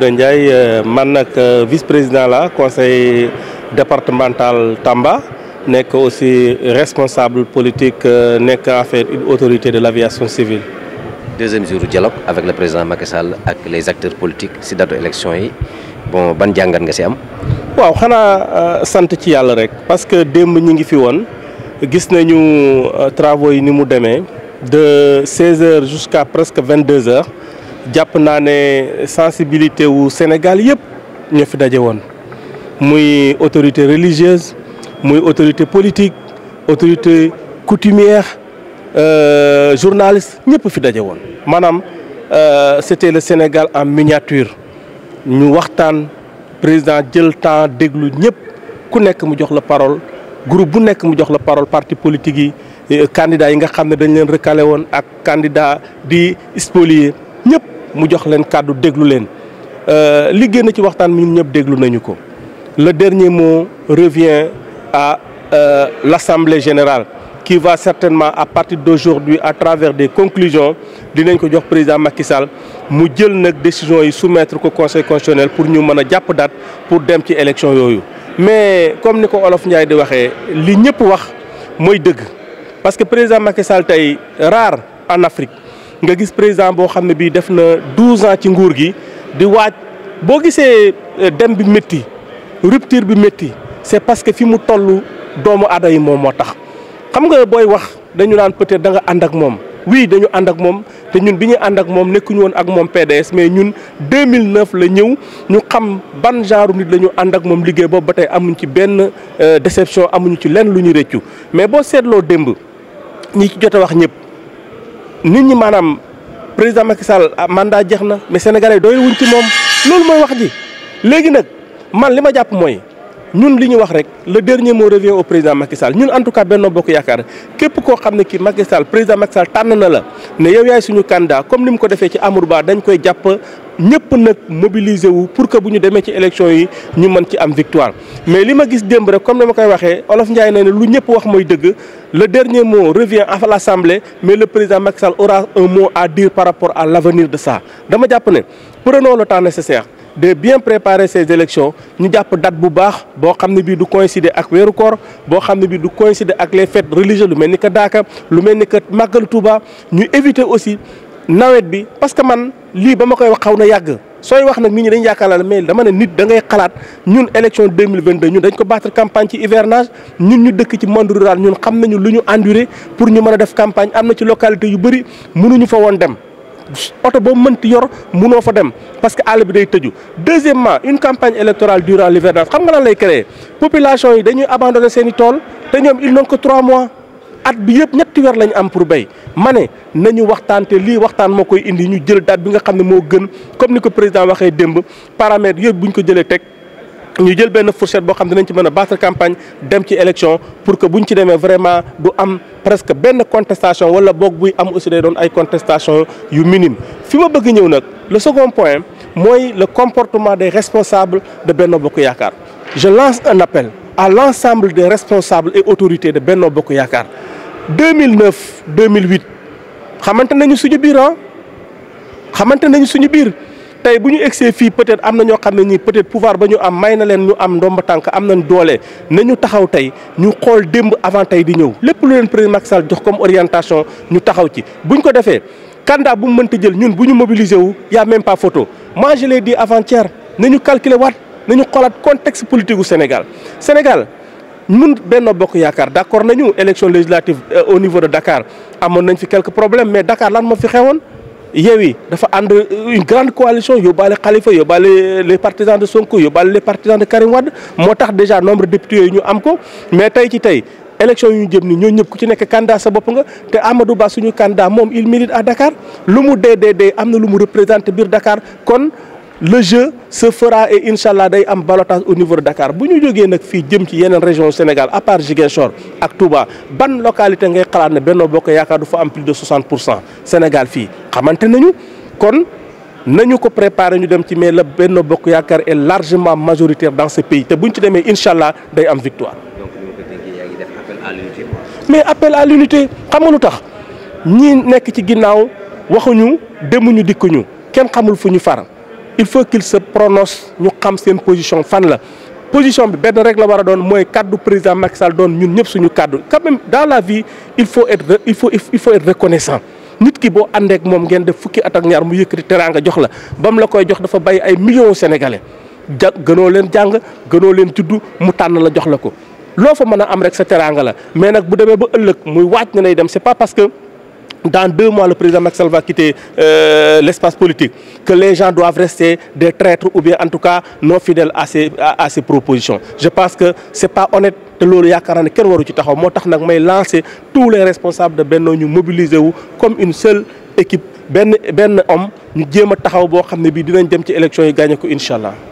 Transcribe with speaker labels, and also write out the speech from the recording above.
Speaker 1: Je suis euh, man euh, vice-président du conseil départemental Tamba mais aussi responsable politique de euh, l'autorité une autorité de l'aviation civile. deuxième jour dialogue avec le président Macky Sall les acteurs politiques c'est date élection yi bon ban jàngat nga Oui, am. waaw xanaa sant ci parce que depuis ñi ngi fi woon gis travaux ni mu de 16 h jusqu'à presque 22 h jàpp naa ne sensibilité wu Sénégal yëpp ñoo fi daje woon muy autorité religieuse muy autorité politique autorité coutumière euh, journaliste ñëpp fi daje woon maanaam euh, c'était le Sénégal en miniature ñu waxtaan président jël temps déglu ñëpp ku nekk mu jox la parole groupe bu nekk mu jox la parole parti politique yi euh, candidats yi nga xam ne dañu leen recalé woon ak candidat di spolier ñëpp mu jox euh, li ci nañu ko le dernier mot revient à euh, l'assemblée générale qui va certainement à partir d'aujourd'hui à travers des conclusions du ko président Macky Sall mu jël décision yi soumettre au conseil constitutionnel pour ñu mën a jàpp date pour dem ci élection mais comme nous ko Olof Ndiaye di waxee li ñëpp wax dëgg parce que président Macky Sall est rare en Afrique nga gis président boo xam ne bii def na douze ans ci nguur gi di waaj boo gisee euh, dem bi métti rupture bi métti c'est parce que fi mu toll doomu aada yi moom moo tax. xam nga booy wax dañu naan peut-être da nga ànd ak moom oui dañu ànd ak moom te ñun bi ñu ànd ak moom nekkuñu woon ak moom PDS mais ñun 2009 la ñëw ñu xam ban genre nit lañu ànd ak moom liggéey boobu ba tey amuñ ci benn euh, déception amuñu ci lenn lu ñu rëccu mais boo seetloo démb ñi ci jot a wax ñëpp. nit ñi maanaam président Macky Sall ah, mandaa jeex na mais sénégalais doyul wuñ ci moom loolu mooy wax ji léegi nag man li ma jàpp mooy. ñun li ñu wax rek le dernier mot revient au président Macky Sall ñun en tout cas Benno Bokk yakkar képp ko xamné ki Macky Sall président Macky Sall tànn na la né yow yaay suñu candidat comme nim ko défé ci Amadou Ba dañ koy japp ñëpp nak mobiliser wu pour que buñu démé ci élection yi ñu mën ci am victoire. mais lima gis démb rek comme dama koy waxé Olof Ndiaye né lu ñëpp wax moy dëgg le dernier mot revient à l'Assemblée mais le président Macky Sall aura un mot à dire par rapport à l'avenir de ça dama japp né prenons le temps nécessaire de bien préparer ces élections Nous avons date bu baax Nous les coïncider avec les fêtes religieuses, coïncider les fêtes religieuses nous éviter aussi parce que man lii ba koy de na Si on wax nag ñi mais dama veux nit da ngay 2022 nous dañ ko battre campagne ci Nous, ñun ñu dëkk monde rural nous xam pour ñu campagne am ci localité yu nous ne fa pas oto boo mënti yor munoo fa dem parce que àll bi day tëju deuxièmement une campagne électorale durant l'hiver. xam nga lan lay créer population yi dañuy abandonné seen i tool te ñoom ils n'ont que trois mois at bi yëpp ñetti wër lañ am pour bay mané nañu waxtaan li waxtan waxtaan koy indi ñu jël date bi nga xamné mo gën comme ni ko président waxé démb paramètre yëpp buñ ko jëlé teg ñu jël ben fourchette bo xamné dinañ ci mëna battre campagne dem ci élection pour que buñ ci démé vraiment du am presque une contestation wala une buy am aussi contestation yu minime le second point c'est le comportement des responsables de Benno Bokoyakar. je lance un appel à l'ensemble des responsables et autorités de Benno Bokoyakar. 2009 2008 xamante nañu suñu biir ah suñu biir tay buñu ñu fi peut-être amna ño xamné ni peut-être pouvoir bañu am may na ñu am ndomba tank am doolé nañu taxaw tay ñu xol demb avant tay di ñew lepp lu leen président Macky Sall jox comme orientation ñu taxaw ci buñ ko défé candidat bu mu mënta jël ñun buñu ñu mobiliser wu y'a même pas photo moi je l'ai dit avant-hier nañu calculer wat nañu xolat contexte politique gu Sénégal Sénégal ñun Benno Bokk Yaakaar d'accord nañu élection législative euh, au niveau de Dakar amoon nañ fi quelques problèmes mais Dakar lan mo fi xewoon Yewwi dafa and euh, une grande coalition les partisans de Sonko les partisans de Karim Wade motax déjà nombre de députés ñu am ko mais tay ci tay élection yu jëm ni ñoo ñëpp ku ci candidat sa Amadou candidat il milite à Dakar lu mu dé, Dakar le jeu se fera et il y day am ballottage au niveau de Dakar Si nous jógee nag fii ci yeneen région Sénégal à part Jigenshor ak Touba ban localité ngay y a Benno Bokk plus de 60 au Sénégal fii xamante nañu kon nañu ko préparer ñu dem ci mais le Benno Bokk est largement majoritaire dans ce pays te buñ ci Inch'Allah, il day am victoire. donc mais appel à l'unité xam nga lu tax nous nekk ci nous waxuñu demuñu nous. kenn xamul fu ñu far il faut qu'il se prononce ñu xam une position fan la position bi benn rek la war Moi, doon mooy président Macky Sall doon ñun ñëpp suñu cadre. quand même dans la vie il faut être il faut il faut être reconnaissant nit ki bo ande ak moom ngeen def fukki at ak ñaar mu yëkkati teraanga jox la ba mu la koy jox dafa bàyyi ay millions sénégalais ja gënoo leen leen mu la jox la ko Lo fa mën a am rek sa la mais nak bu demee ba ëllëg muy waaj na lay dem c'est pas parce que dans deux mois, le président Maxel va quitter euh, l'espace politique, que les gens doivent rester des traîtres ou bien en tout cas non fidèles à ces à, propositions. Je pense que ce n'est pas honnête de loolu yaakaar ne le waru ci taxaw moo lancer tous les responsables de Benno ñu mobiliser comme une seule équipe Ben Ben homme ñu jéem taxaw boo élection